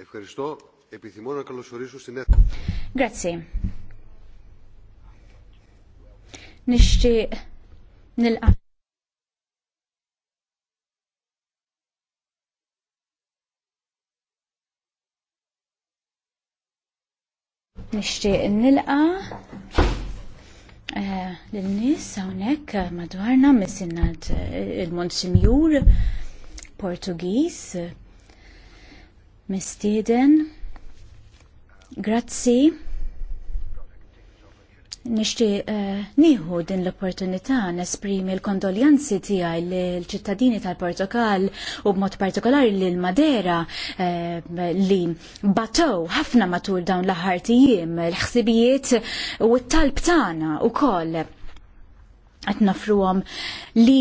Ευχαριστώ. Επιθυμώ να καλωσορίσω στην αίθουσα. Grazie. lil nis eh, hawnhekk madwarna misinnad eh, il-Monsinjur Portugis mistieden. Grazzi. Nishti eh, nieħu din l-opportunità nesprimi l-kondoljanzi tiegħi l-ċittadini tal-Portugal u b'mod partikolari lil Madera eh, li batow ħafna matul dawn l-aħħar tijiem l-ħsibijiet u t-talb tagħna wkoll. qed nofruhom li